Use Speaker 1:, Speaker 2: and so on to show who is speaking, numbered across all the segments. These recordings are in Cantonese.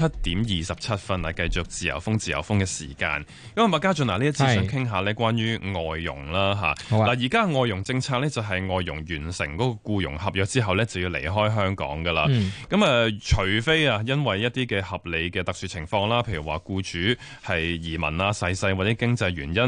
Speaker 1: 七點二十七分啊！繼續自由風自由風嘅時間。咁啊，麥家俊嗱，呢一次想傾下呢關於外傭啦嚇。嗱是，而家外傭政策呢，就係外傭完成嗰個僱傭合約之後呢，就要離開香港噶啦。咁啊、嗯，除非啊，因為一啲嘅合理嘅特殊情況啦，譬如話僱主係移民啊、逝世或者經濟原因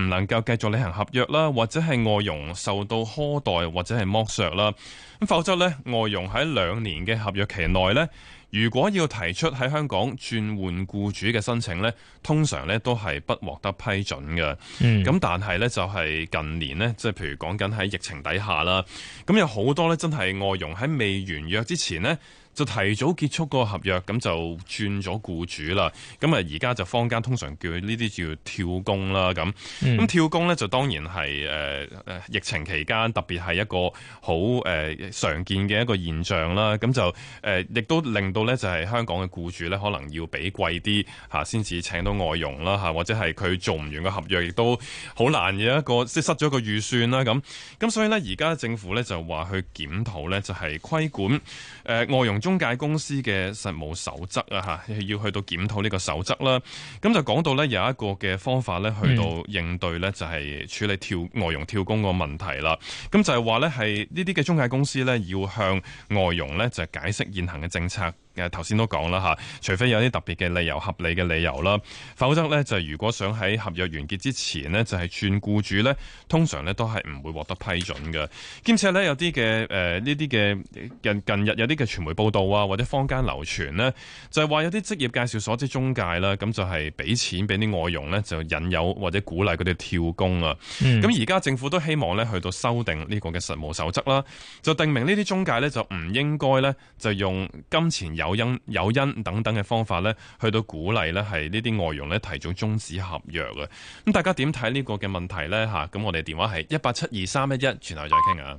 Speaker 1: 唔能夠繼續履行合約啦，或者係外傭受到苛待或者係剝削啦，咁否則呢，外傭喺兩年嘅合約期內呢。如果要提出喺香港轉換僱主嘅申請呢，通常呢都係不獲得批准嘅。咁、嗯、但係呢，就係近年呢，即係譬如講緊喺疫情底下啦，咁有好多呢，真係外傭喺未完約之前呢。就提早結束個合約，咁就轉咗僱主啦。咁啊，而家就坊間通常叫呢啲叫跳工啦。咁，咁、嗯、跳工咧就當然係誒、呃、疫情期間特別係一個好誒、呃、常見嘅一個現象啦。咁就誒、呃、亦都令到咧就係、是、香港嘅僱主咧可能要俾貴啲吓先至請到外傭啦吓，或者係佢做唔完個合約亦都好難有一個即失咗個預算啦。咁咁所以咧而家政府咧就話去檢討咧就係、是、規管誒、呃、外傭。中介公司嘅實務守則啊，嚇，要去到檢討呢個守則啦。咁就講到咧有一個嘅方法咧，去到應對咧就係處理跳外傭跳工個問題啦。咁就係話咧，係呢啲嘅中介公司咧，要向外傭咧就係解釋現行嘅政策。誒頭先都講啦嚇，除非有啲特別嘅理由、合理嘅理由啦，否則咧就係如果想喺合約完結之前呢，就係、是、轉僱主咧，通常咧都係唔會獲得批准嘅。兼且咧有啲嘅誒呢啲嘅近近日有啲嘅傳媒報道啊，或者坊間流傳呢，就係、是、話有啲職業介紹所知中介啦，咁就係俾錢俾啲外傭呢，就引誘或者鼓勵佢哋跳工啊。咁而家政府都希望咧去到修訂呢個嘅實務守則啦，就定明呢啲中介咧就唔應該咧就用金錢引有因有因等等嘅方法咧，去到鼓勵咧，係呢啲外傭咧提早終止合約嘅。咁大家點睇呢個嘅問題呢？吓，咁我哋電話係一八七二三一一，轉頭再傾啊。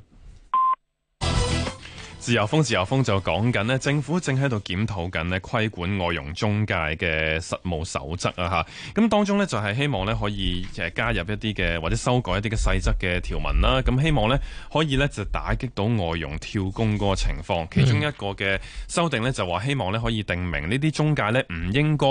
Speaker 1: 自由風，自由風就講緊呢，政府正喺度檢討緊規管外傭中介嘅實務守則啊。嚇，咁當中呢，就係希望呢可以誒加入一啲嘅或者修改一啲嘅細則嘅條文啦。咁希望呢，可以呢就打擊到外傭跳工嗰個情況。其中一個嘅修訂呢，就話希望呢可以定明呢啲中介呢唔應該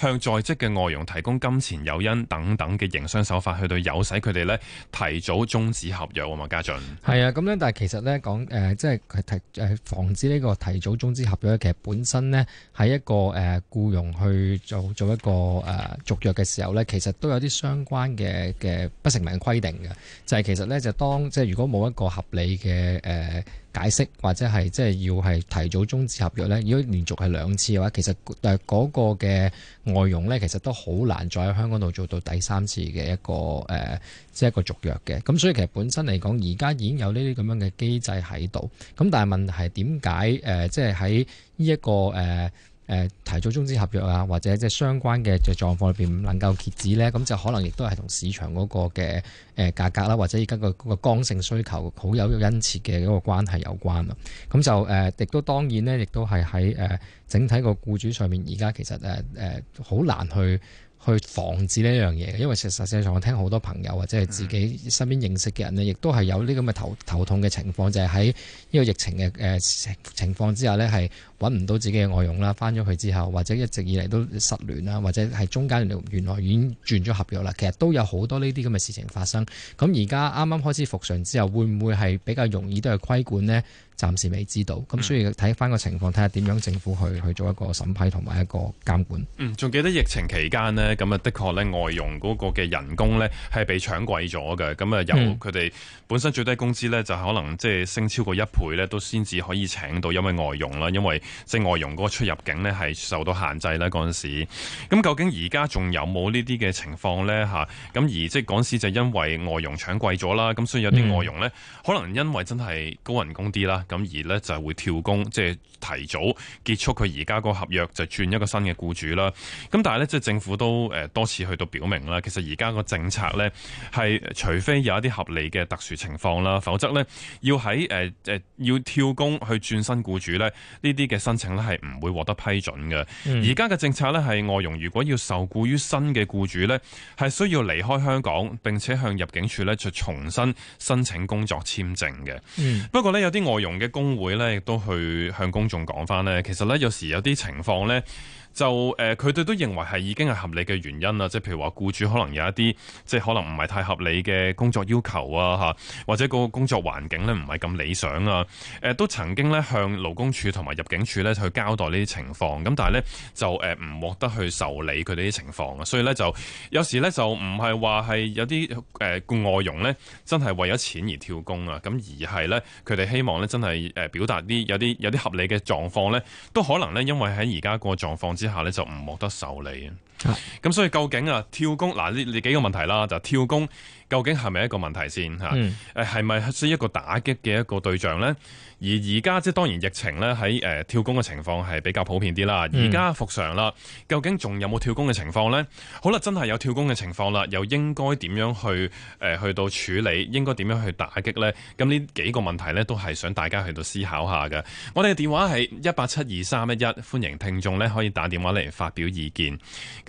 Speaker 1: 向在職嘅外傭提供金錢誘因等等嘅營商手法，去到誘使佢哋咧提早終止合約啊嘛，嘉俊。
Speaker 2: 係啊，咁咧，但係其實咧講誒，即係提誒防止呢個提早終止合約咧，其實本身咧喺一個誒、呃、僱傭去做做一個誒、呃、續約嘅時候咧，其實都有啲相關嘅嘅不成文規定嘅，就係、是、其實咧就當即係如果冇一個合理嘅誒。呃解釋或者係即係要係提早終止合約呢。如果連續係兩次嘅話，其實誒嗰個嘅外傭呢，其實都好難再喺香港度做到第三次嘅一個誒、呃，即係一個續約嘅。咁所以其實本身嚟講，而家已經有呢啲咁樣嘅機制喺度。咁但係問題係點解誒？即係喺呢一個誒。呃誒提早終止合約啊，或者即係相關嘅嘅狀況裏邊唔能夠截止呢，咁就可能亦都係同市場嗰個嘅誒價格啦，或者而家個個剛性需求好有因切嘅一個關係有關啦。咁就誒，亦、呃、都當然呢，亦都係喺誒整體個僱主上面，而家其實誒誒好難去。去防止呢樣嘢，因為實實際上我聽好多朋友或者係自己身邊認識嘅人呢亦都係有呢咁嘅頭頭痛嘅情況，就係喺呢個疫情嘅誒情況之下呢係揾唔到自己嘅外傭啦，翻咗去之後，或者一直以嚟都失聯啦，或者係中間原來已經轉咗合約啦，其實都有好多呢啲咁嘅事情發生。咁而家啱啱開始復常之後，會唔會係比較容易都係規管呢？暫時未知道，咁所以睇翻個情況，睇下點樣政府去去做一個審批同埋一個監管。嗯，
Speaker 1: 仲記得疫情期間呢，咁啊，的確呢，外傭嗰個嘅人工呢，係被搶貴咗嘅，咁啊由佢哋本身最低工資呢，就可能即係升超過一倍呢，都先至可以請到因為外傭，因為外傭啦，因為即係外傭嗰個出入境呢，係受到限制啦嗰陣時。咁究竟而家仲有冇呢啲嘅情況呢？吓，咁而即係嗰時就因為外傭搶貴咗啦，咁所以有啲外傭呢，可能因為真係高人工啲啦。咁而咧就係會跳工，即係提早結束佢而家嗰個合約，就轉一個新嘅僱主啦。咁但係咧，即係政府都、呃、多次去到表明啦，其實而家個政策咧係，除非有一啲合理嘅特殊情況啦，否則咧要喺、呃呃、要跳工去轉新僱主咧，呢啲嘅申請咧係唔會獲得批准嘅。而家嘅政策咧係外傭，如果要受雇於新嘅僱主咧，係需要離開香港並且向入境處咧就重新申請工作簽證嘅。嗯、不過咧有啲外傭嘅工會咧，亦都去向公眾講翻咧。其實咧，有時有啲情況咧。就誒，佢哋都認為係已經係合理嘅原因啦，即係譬如話僱主可能有一啲即係可能唔係太合理嘅工作要求啊，吓，或者個工作環境咧唔係咁理想啊，誒都曾經咧向勞工處同埋入境處咧去交代呢啲情況，咁但係咧就誒唔獲得去受理佢哋啲情況啊，所以咧就有時咧就唔係話係有啲誒外傭咧真係為咗錢而跳工啊，咁而係咧佢哋希望咧真係誒表達啲有啲有啲合理嘅狀況咧，都可能咧因為喺而家個狀況。之下呢就唔獲得受理。咁所以究竟啊跳工嗱呢呢幾個問題啦，就跳工究竟係咪一個問題先吓？誒係咪需要一個打擊嘅一個對象呢？而而家即係當然疫情咧喺誒跳工嘅情況係比較普遍啲啦。而家復常啦，究竟仲有冇跳工嘅情況呢？好啦，真係有跳工嘅情況啦，又應該點樣去誒、呃、去到處理？應該點樣去打擊呢？咁呢幾個問題呢，都係想大家去到思考下嘅。我哋嘅電話係一八七二三一一，歡迎聽眾呢可以打電話嚟發表意見。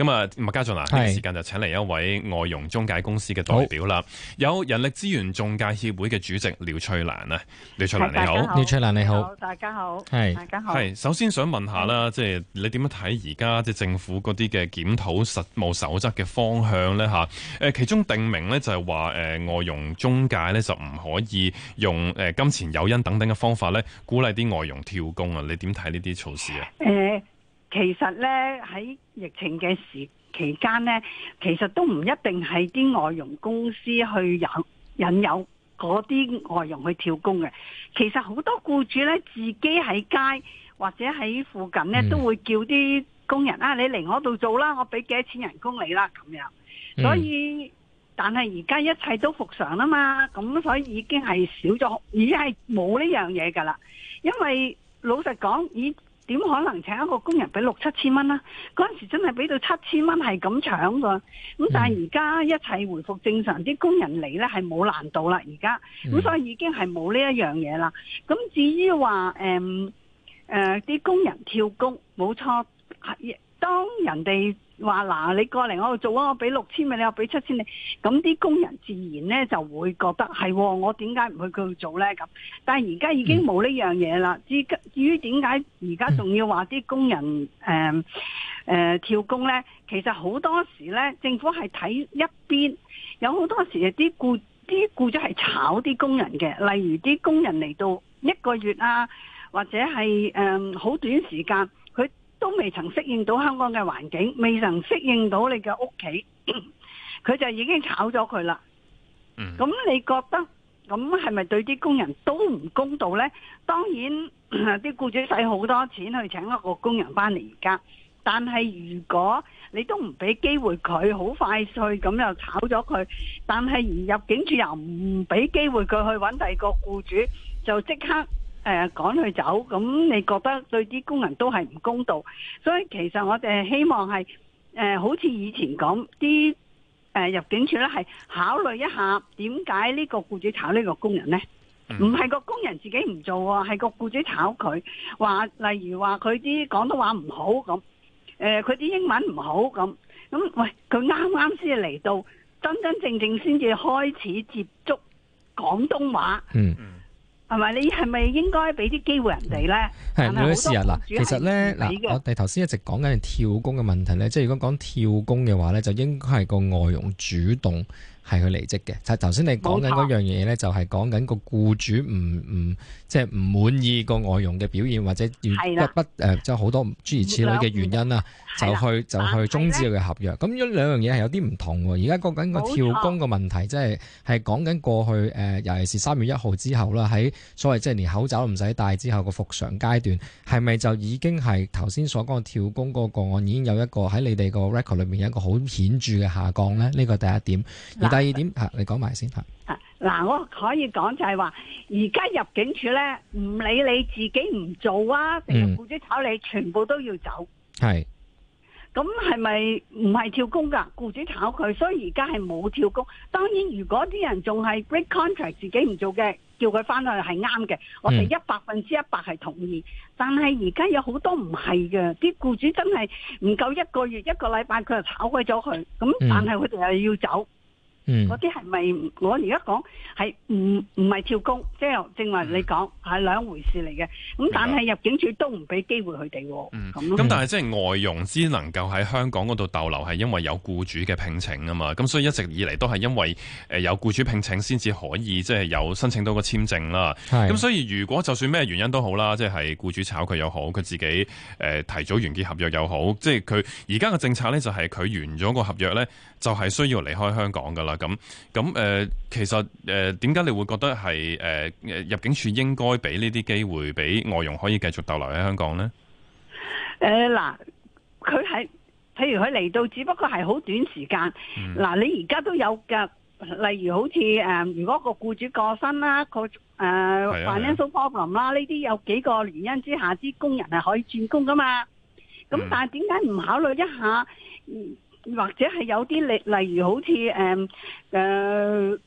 Speaker 1: 咁啊，麥家俊啊，呢個是時間就請嚟，一位外傭中介公司嘅代表啦，好有人力資源仲介協會嘅主席廖翠蘭咧，廖翠蘭是你好，好廖翠蘭你，你好，大家好，係是大家好。係首先想問下啦，即係是你點樣睇而家即係政府嗰啲嘅檢討實務守則嘅方向咧吓？誒，其中定明咧就係話誒，外傭中介咧就唔可以用誒金錢誘因等等嘅方法咧鼓勵啲外傭跳工啊？你點睇呢啲措施啊？誒、嗯。
Speaker 3: 其實呢，喺疫情嘅時期間呢，其實都唔一定係啲外傭公司去引引誘嗰啲外傭去跳工嘅。其實好多僱主呢，自己喺街或者喺附近呢，都會叫啲工人啊，你嚟我度做啦，我畀幾多錢人工你啦咁樣。所以，但係而家一切都復常吖嘛，咁所以已經係少咗，已經係冇呢樣嘢噶啦。因為老實講，已。點可能請一個工人俾六七千蚊啦？嗰陣時真係俾到七千蚊係咁搶㗎，咁但係而家一切回復正常，啲工人嚟呢係冇難度啦。而家咁所以已經係冇呢一樣嘢啦。咁至於話誒誒啲工人跳工，冇錯，當人哋。話嗱，你過嚟我度做啊，我俾六千俾你，我俾七千你，咁啲工人自然咧就會覺得係、哦，我點解唔去佢做咧？咁，但係而家已經冇呢樣嘢啦。嗯、至至於點解而家仲要話啲工人誒、呃呃、跳工咧？其實好多時咧，政府係睇一邊，有好多時啲僱啲僱主係炒啲工人嘅，例如啲工人嚟到一個月啊，或者係誒好短時間。都未曾適應到香港嘅環境，未曾適應到你嘅屋企，佢就已經炒咗佢啦。咁、嗯、你覺得咁係咪對啲工人都唔公道呢？當然啲僱主使好多錢去請一個工人返嚟而家，但係如果你都唔畀機會佢好快脆，咁又炒咗佢，但係入境處又唔畀機會佢去揾第二個僱主，就即刻。誒，趕佢、呃、走，咁你覺得對啲工人都係唔公道？所以其實我哋希望係誒、呃，好似以前講啲誒入境處咧，係考慮一下點解呢個僱主炒呢個工人咧？唔係個工人自己唔做，係個僱主炒佢。話例如話佢啲廣東話唔好咁，誒佢啲英文唔好咁。咁喂，佢啱啱先嚟到，真真正正先至開始接觸廣東話。
Speaker 2: 嗯。
Speaker 3: 係咪？你係咪應該俾啲機會人哋呢？係，試下啊嗱，其實呢，嗱、啊，我
Speaker 2: 哋頭先一直講緊跳工嘅問題呢，即係如果講跳工嘅話呢，就應該係個外傭主動。係佢離職嘅。但頭先你講緊嗰樣嘢咧，錯就係講緊個僱主唔唔即係唔滿意個外傭嘅表現，或者的不不即係好多諸如此類嘅原因啦，兩就去的就去終止佢嘅合約。咁一的兩樣嘢係有啲唔同的。而家講緊個跳工嘅問題，即係係講緊過去誒、呃，尤其是三月一號之後啦，喺所謂即係連口罩都唔使戴之後嘅復常階段，係咪就已經係頭先所講嘅跳工個個案已經有一個喺你哋個 record 裏面有一個好顯著嘅下降咧？呢、這個第一點。第二點吓是、啊，你講埋先吓。
Speaker 3: 啊，嗱，我可以講就係話，而家入境處咧，唔理你自己唔做啊，定係僱主炒你，嗯、全部都要走。
Speaker 2: 係是。
Speaker 3: 咁係咪唔係跳工噶僱主炒佢，所以而家係冇跳工。當然，如果啲人仲係 break contract，自己唔做嘅，叫佢翻去係啱嘅。我哋一百分之一百係同意。嗯、但係而家有好多唔係嘅，啲僱主真係唔夠一個月一個禮拜，佢就炒鬼咗佢。咁，但係佢哋又要走。嗯嗯，嗰啲係咪？我而家講係唔唔係跳工，即係正話你講係兩回事嚟嘅。咁、嗯、但係入境處都唔俾機會佢哋。嗯，咁但
Speaker 1: 係即係外傭只能夠喺香港嗰度逗留，係因為有雇主嘅聘請啊嘛。咁所以一直以嚟都係因為誒有雇主聘請先至可以即係有申請到個簽證啦。係的。咁所以如果就算咩原因都好啦，即係雇主炒佢又好，佢自己誒、呃、提早完結合約又好，即係佢而家嘅政策咧就係佢完咗個合約咧就係需要離開香港噶啦。咁咁誒，其實誒點解你會覺得係誒誒入境處應該俾呢啲機會俾外傭可以繼續逗留喺香港咧？
Speaker 3: 誒嗱，佢係譬如佢嚟到，只不過係好短時間。嗱，你而家都有噶，例如好似誒，如果個僱主過身啦，個誒 finance problem 啦，呢啲有幾個原因之下，啲工人係可以轉工噶嘛？
Speaker 2: 咁但
Speaker 3: 係點解唔考慮一下？或者係有啲例，例如好似誒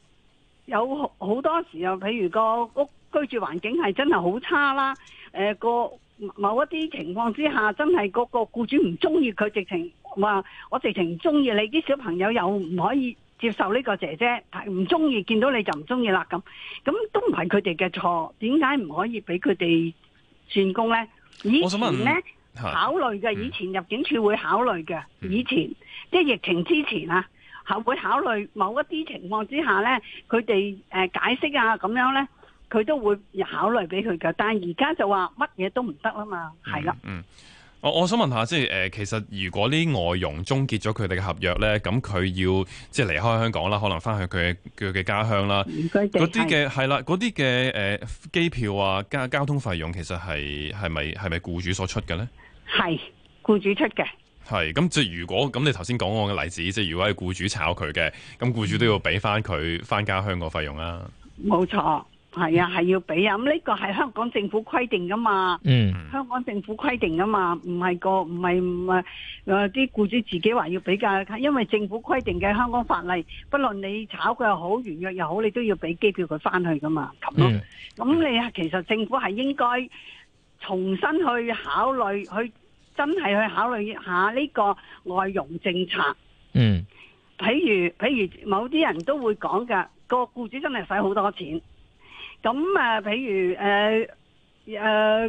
Speaker 3: 有好多時候，譬如個屋居住環境係真係好差啦。誒、呃、個某一啲情況之下，真係個個僱主唔中意佢，直情話我直情唔中意你啲小朋友，又唔可以接受呢個姐姐，唔中意見到你就唔中意啦咁。咁都唔係佢哋嘅錯，點解唔可以俾佢哋轉工咧？以前咧考慮嘅，的以前入境處會考慮嘅，嗯、以前。即係疫情之前啊，佢會考慮某一啲情況之下咧，佢哋誒解釋啊咁樣咧，佢都會考慮俾佢噶但係而家就話乜嘢都唔得啦嘛，係啦、嗯。嗯，
Speaker 1: 我我想問一下，即係誒，其實如果呢外傭終結咗佢哋嘅合約咧，咁佢要即係離開香港啦，可能翻去佢佢嘅家鄉啦，嗰啲嘅係啦，嗰啲嘅誒機票啊、交交通費用，其實係係咪係咪僱主所出嘅咧？
Speaker 3: 係僱主出嘅。
Speaker 1: 係，咁即係如果咁，你頭先講我個例子，即係如果係僱主炒佢嘅，咁僱主都要俾翻佢翻家鄉個費用啦、
Speaker 3: 啊。冇錯，係啊，係要俾啊。咁呢個係香港政府規定噶嘛？嗯，香港政府規定噶嘛？唔係個唔係唔係誒，啲雇、呃、主自己話要俾噶，因為政府規定嘅香港法例，不論你炒佢又好完約又好，你都要俾機票佢翻去噶嘛，咁咯。咁、嗯、你其實政府係應該重新去考慮去。真係去考慮一下呢個外融政策。嗯譬，譬如譬如某啲人都會講㗎，那個雇主真係使好多錢。咁啊，譬如誒誒、呃呃，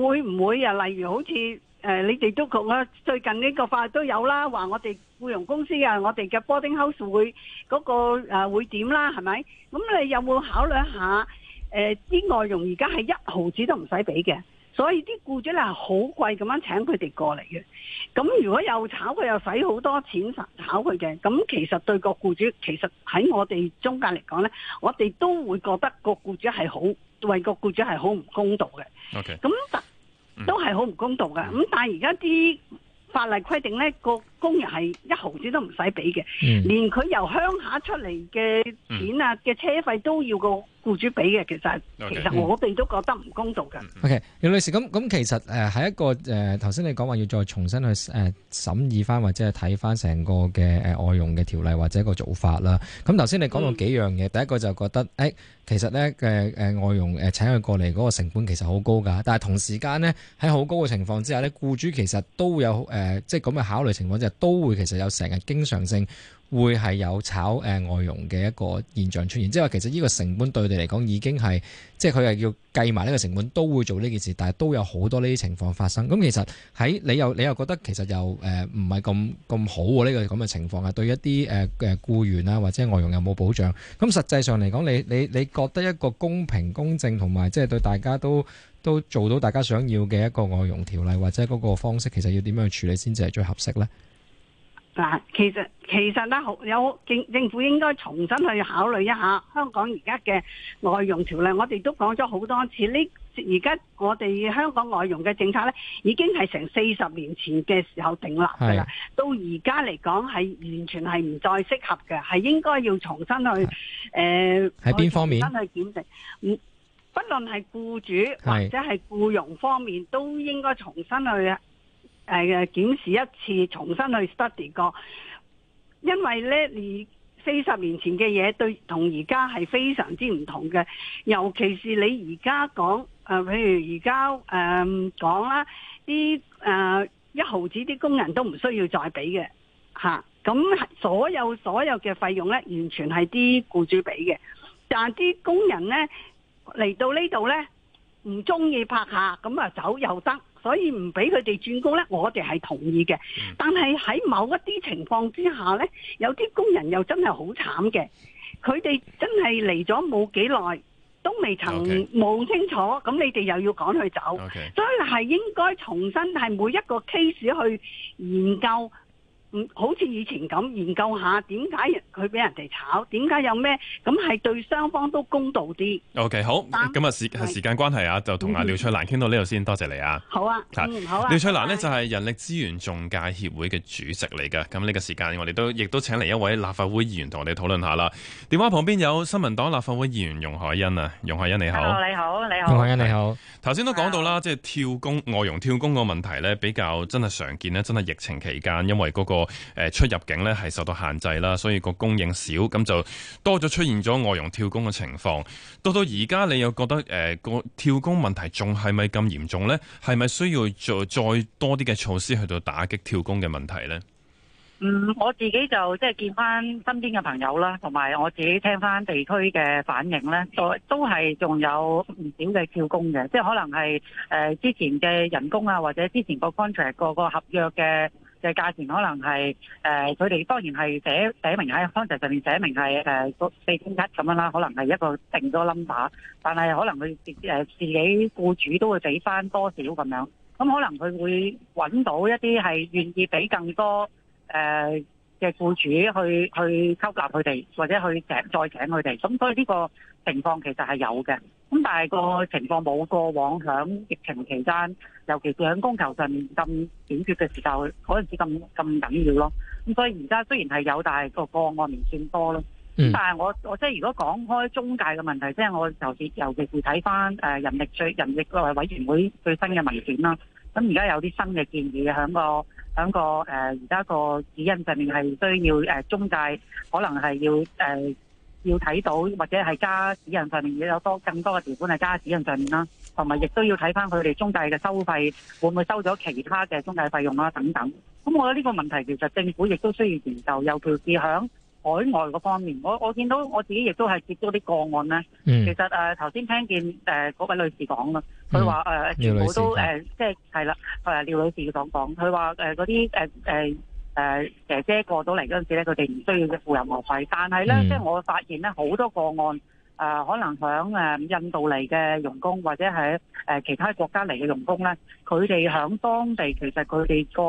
Speaker 3: 會唔會啊？例如好似誒、呃，你哋都覺啦，最近呢個法律都有啦，話我哋僱融公司啊，我哋嘅 boarding house 會嗰、那個誒、呃、會點啦，係咪？咁你有冇考慮一下誒啲、呃、外融而家係一毫子都唔使俾嘅？所以啲雇主咧係好貴咁樣請佢哋過嚟嘅，咁如果又炒佢又使好多錢炒佢嘅，咁其實對個雇主其實喺我哋中間嚟講咧，我哋都會覺得個雇主係好為個雇主係好唔公道嘅。OK，咁都係好唔公道嘅。咁、嗯、但而家啲法例規定咧，個工人係一毫子都唔使俾嘅，嗯、連佢由鄉下出嚟嘅錢啊嘅、嗯、車費都要個。僱主俾嘅，
Speaker 2: 其實其實我哋都覺得唔公道嘅。O K. 容女士，咁咁其實誒係一個誒頭先你講話要再重新去誒、呃、審議翻或者係睇翻成個嘅外傭嘅條例或者一個做法啦。咁頭先你講到幾樣嘢，嗯、第一個就覺得誒、哎、其實咧嘅、呃、外傭誒、呃、請佢過嚟嗰個成本其實好高㗎，但係同時間呢，喺好高嘅情況之下呢，僱主其實都有誒、呃、即係咁嘅考慮情況之下，都會其實有成日經常性。會係有炒誒外傭嘅一個現象出現，即係話其實呢個成本對你嚟講已經係，即係佢係要計埋呢個成本都會做呢件事，但係都有好多呢啲情況發生。咁其實喺你又你又覺得其實又誒唔係咁咁好喎，呢個咁嘅情況啊，對一啲誒嘅僱員啊或者外傭有冇保障？咁實際上嚟講，你你你覺得一個公平公正同埋即係對大家都都做到大家想要嘅一個外傭條例或者嗰個方式，其實要點樣去處理先至係最合適呢？
Speaker 3: 嗱，其實其實咧，好有政政府應該重新去考慮一下香港而家嘅外傭條例。我哋都講咗好多次，呢而家我哋香港外傭嘅政策咧，已經係成四十年前嘅時候定立噶啦，是到而家嚟講係完全係唔再適合嘅，係應該要重新去誒，喺邊是、呃、方面重新去檢視。唔不論係僱主或者係僱傭方面，是都應該重新去。誒誒、呃，檢視一次，重新去 study 過，因為呢，你四十年前嘅嘢，對同而家係非常之唔同嘅。尤其是你而家講、呃，譬如而家誒講啦，啲誒、呃、一毫子啲工人都唔需要再俾嘅，咁、啊、所有所有嘅費用呢，完全係啲僱主俾嘅，但啲工人呢，嚟到呢度呢，唔中意拍客，咁啊走又得。所以唔俾佢哋轉工呢，我哋係同意嘅。但係喺某一啲情況之下呢，有啲工人又真係好慘嘅。佢哋真係嚟咗冇幾耐，都未曾望 Okay. 清楚。咁你哋又要趕佢走，Okay. 所以係應該重新係每一個 case 去研究。好似以前咁研究下點解佢俾人哋炒，點解有咩咁係對雙方都公道啲
Speaker 1: ？OK 好，咁啊時時間關係對謝謝啊，就同阿廖翠蘭傾到呢度先，多謝你啊。好
Speaker 3: 啊，好啊。廖翠
Speaker 1: 蘭呢，就係人力資源仲介協會嘅主席嚟㗎。咁呢、嗯啊、個時間我哋都亦都請嚟一位立法會議員同我哋討論下啦。電話旁邊有新民黨立法會議員容海恩啊，容海恩你，你好。你
Speaker 4: 好，你好，你好。容海恩你
Speaker 1: 好。頭先都講到啦，即係跳工外傭跳工個問題呢，比較真係常見呢，真係疫情期間，因為嗰、那個。誒，出入境呢係受到限制啦，所以個供應少，咁就多咗出現咗外傭跳工嘅情況。到到而家，你又覺得誒個、呃、跳工問題仲係咪咁嚴重呢？係咪需要再再多啲嘅措施去到打擊跳工嘅問題呢？
Speaker 4: 嗯，我自己就即係、就是、見翻身邊嘅朋友啦，同埋我自己聽翻地區嘅反應呢，都都係仲有唔少嘅跳工嘅，即、就、係、是、可能係誒、呃、之前嘅人工啊，或者之前個 contract 個個合約嘅。嘅價錢可能係誒，佢哋當然係寫寫明喺 contract 上面寫明係誒個四千一咁樣啦，可能係一個定咗 number，但係可能佢自己誒自己僱主都會俾翻多少咁樣，咁可能佢會揾到一啲係願意俾更多誒嘅僱主去去吸納佢哋，或者去請再請佢哋，咁所以呢個情況其實係有嘅。咁但係個情況冇過往響疫情期間，尤其是響供求上面咁短缺嘅時候，嗰陣時咁咁緊要咯。咁所以而家雖然係有，但係個個案唔算多咯。
Speaker 3: 咁但係
Speaker 4: 我我即係如果講開中介嘅問題，即係我尤其是尤其會睇返誒人力最人力委委員會最新嘅文件啦。咁而家有啲新嘅建議喺個喺個誒而家個指引上面係需要誒中介可能係要誒。要睇到或者係加指引上面，而有多更多嘅條款係加指引上面啦，同埋亦都要睇翻佢哋中介嘅收費會唔會收咗其他嘅中介費用啦等等。咁我覺得呢個問題其實政府亦都需要研究，尤其係響海外嗰方面。我我見到我自己亦都係接咗啲個案咧。嗯、其實誒頭先聽見誒嗰位女士講啦，佢話誒全部都誒即係係啦誒廖女士講講，佢話誒嗰啲誒誒，姐姐過到嚟嗰陣時咧，佢哋唔需要嘅付任何費，但係咧，即係我發現咧，好多個案誒，可能響誒印度嚟嘅傭工，或者係誒其他國家嚟嘅傭工咧，佢哋響當地其實佢哋個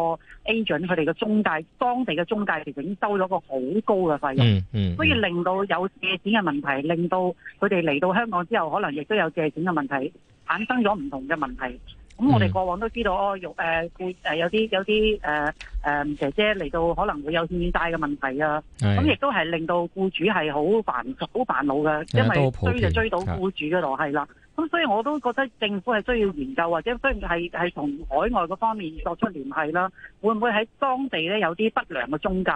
Speaker 4: agent，佢哋嘅中介，當地嘅中介其實已經收咗個好高嘅費用，所以令到有借錢嘅問題，令到佢哋嚟到香港之後，可能亦都有借錢嘅問題，產生咗唔同嘅問題。咁、嗯、我哋過往都知道哦，呃、有啲有啲誒誒姐姐嚟到可能會有欠債嘅問題啊，咁亦是都係令到僱主係好煩好煩惱嘅，的因為追就追到僱主嗰度係啦。咁的所以我都覺得政府係需要研究或者雖然係係同海外嗰方面作出聯繫啦，會唔會喺當地咧有啲不良嘅中介，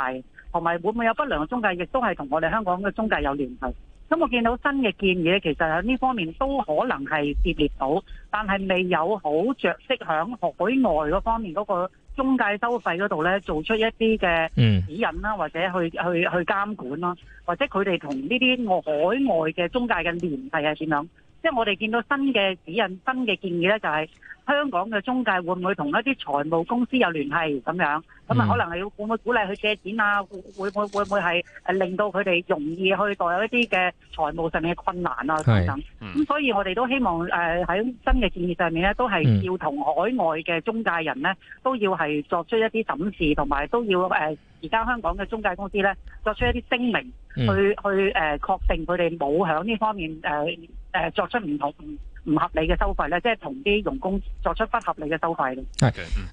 Speaker 4: 同埋會唔會有不良嘅中介亦都係同我哋香港嘅中介有聯繫？咁我見到新嘅建議，其實喺呢方面都可能係涉獵到，但係未有好著色響海外嗰方面嗰個中介收費嗰度咧，做出一啲嘅指引啦，或者去去去監管啦，或者佢哋同呢啲外海外嘅中介嘅聯繫係點樣？即係我哋見到新嘅指引，新嘅建議咧，就係香港嘅中介會唔會同一啲財務公司有聯繫咁樣？咁啊，可能係會唔會鼓勵佢借錢啊？會會會唔會係誒令到佢哋容易去代有一啲嘅財務上面嘅困難啊？等等，咁，所以我哋都希望誒喺新嘅建議上面咧，都係要同海外嘅中介人咧，都要係作出一啲審視，同埋都要誒而家香港嘅中介公司咧作出一啲聲明，去去誒確定佢哋冇響呢方面誒。誒作出唔同唔合理嘅收費咧，即係
Speaker 2: 同啲傭工作出不合理嘅收費咧。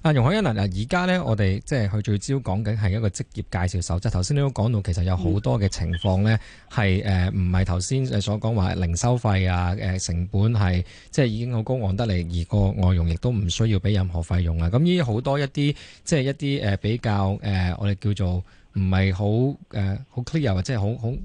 Speaker 2: 係容海恩啊，而家咧我哋即係佢聚焦講緊係一個職業介紹守則。頭先你都講到，其實有好多嘅情況咧係誒唔係頭先所講話零收費啊，誒、呃、成本係即係已經好高昂得嚟，而個外佣亦都唔需要俾任何費用啊。咁呢好多一啲即係一啲誒比較誒、呃，我哋叫做唔係好誒好 clear 或者好好誒。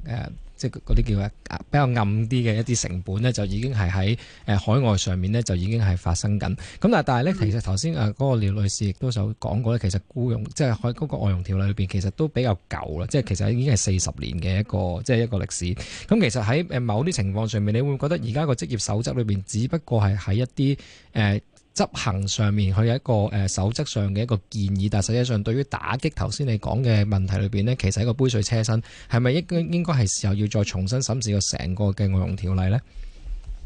Speaker 2: 即係嗰啲叫啊比較暗啲嘅一啲成本咧，就已經係喺誒海外上面咧，就已經係發生緊。咁但係，但係咧，其實頭先啊嗰個廖女士亦都有講過咧，其實僱傭即係嗰個外傭條例裏邊，其實都比較舊啦。即係其實已經係四十年嘅一個即係、就是、一個歷史。咁其實喺誒某啲情況上面，你會唔會覺得而家個職業守則裏邊，只不過係喺一啲誒。呃執行上面佢有一個誒守則上嘅一個建議，但係實際上對於打擊頭先你講嘅問題裏邊咧，其實係個杯水車薪，係咪應應該係時候要再重新審視個成個嘅內容條例咧？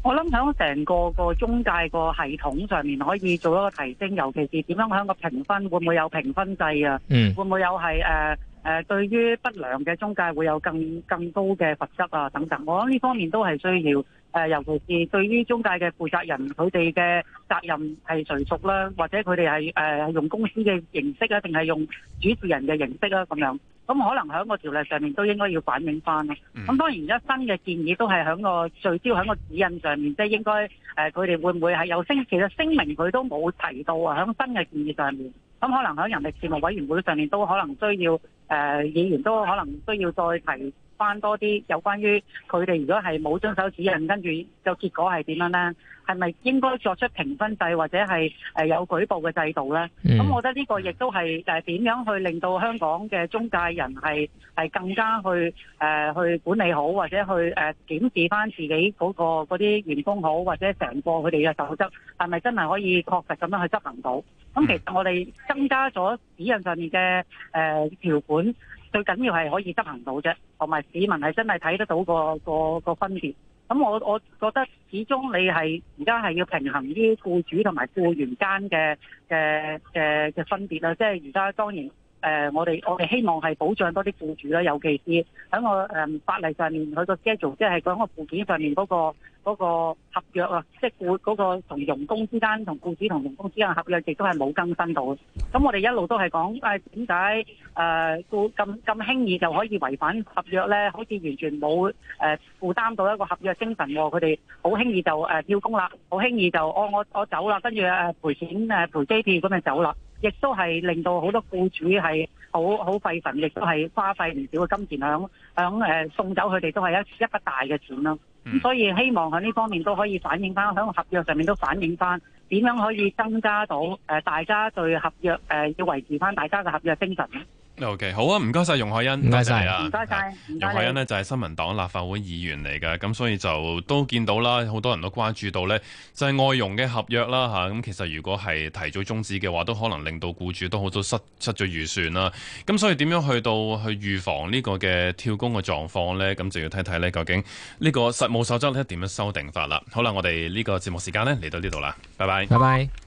Speaker 4: 我諗響成個個中介個系統上面可以做一個提升，尤其是點樣響個評分，會唔會有評分制啊？
Speaker 2: 嗯，
Speaker 3: 會
Speaker 4: 唔會有係誒誒對於不良嘅中介會有更更高嘅罰則啊等等？我諗呢方面都係需要。誒，尤其是對於中介嘅負責人，佢哋嘅責任係誰屬啦，或者佢哋係誒用公司嘅形式啊，定係用主持人嘅形式啊？咁樣咁可能喺個條例上面都應該要反映翻啦。咁、嗯、當然，而家新嘅建議都係喺個聚焦喺個指引上面，即、就、係、是、應該誒佢哋會唔會係有聲？其實聲明佢都冇提到啊喺新嘅建議上面。咁可能喺人力事務委員會上面都可能需要誒、呃，議員都可能需要再提翻多啲有關於佢哋，如果係冇遵守指引，跟住個結果係點樣咧？係咪應該作出評分制，或者係誒有舉報嘅制度咧？咁我覺得呢個亦都係誒點樣去令到香港嘅中介人係係更加去誒去管理好，或者去誒檢視翻自己嗰個嗰啲員工好，或者成個佢哋嘅守則係咪真係可以確實咁樣去執行到？咁其實我哋增加咗指引上面嘅誒條款。最緊要係可以執行到啫，同埋市民係真係睇得到個個個分別。咁我我覺得始終你係而家係要平衡啲僱主同埋僱員間嘅嘅嘅嘅分別啦。即係而家當然誒、呃，我哋我哋希望係保障多啲僱主啦，尤其是喺我誒、呃、法例上面佢個 schedule，即係講個部件上面、那、嗰個。嗰個合約啊，即係僱嗰個同傭工之間，同僱主同員工之間合約，亦都係冇更新到。咁我哋一路都係講誒點解誒僱咁咁輕易就可以違反合約咧？好似完全冇誒負擔到一個合約精神喎。佢哋好輕易就誒跳工啦，好輕易就我我我走啦，跟住誒賠錢誒賠機票，咁就走啦。亦都係令到好多僱主係好好費神，亦都係花費唔少嘅金錢響響誒送走佢哋，都係一一筆大嘅錢咯。嗯、所以希望喺呢方面都可以反映返，喺合約上面都反映返，點樣可以增加到、呃、大家對合約要、呃、維持返大家嘅合約精神。
Speaker 1: O.K. 好啊，唔該晒容海恩，唔該晒啊，唔該晒。謝謝容海恩呢，就係、是、新民黨立法會議員嚟㗎。咁所以就都見到啦，好多人都關注到呢，就係、是、外傭嘅合約啦吓。咁、啊、其實如果係提早終止嘅話，都可能令到僱主都好多失失咗預算啦。咁所以點樣去到去預防呢個嘅跳工嘅狀況呢？咁就要睇睇呢，究竟呢個實務守則咧，點樣修訂法啦。好啦，我哋呢個節目時間呢，嚟到呢度啦，拜拜，
Speaker 2: 拜拜。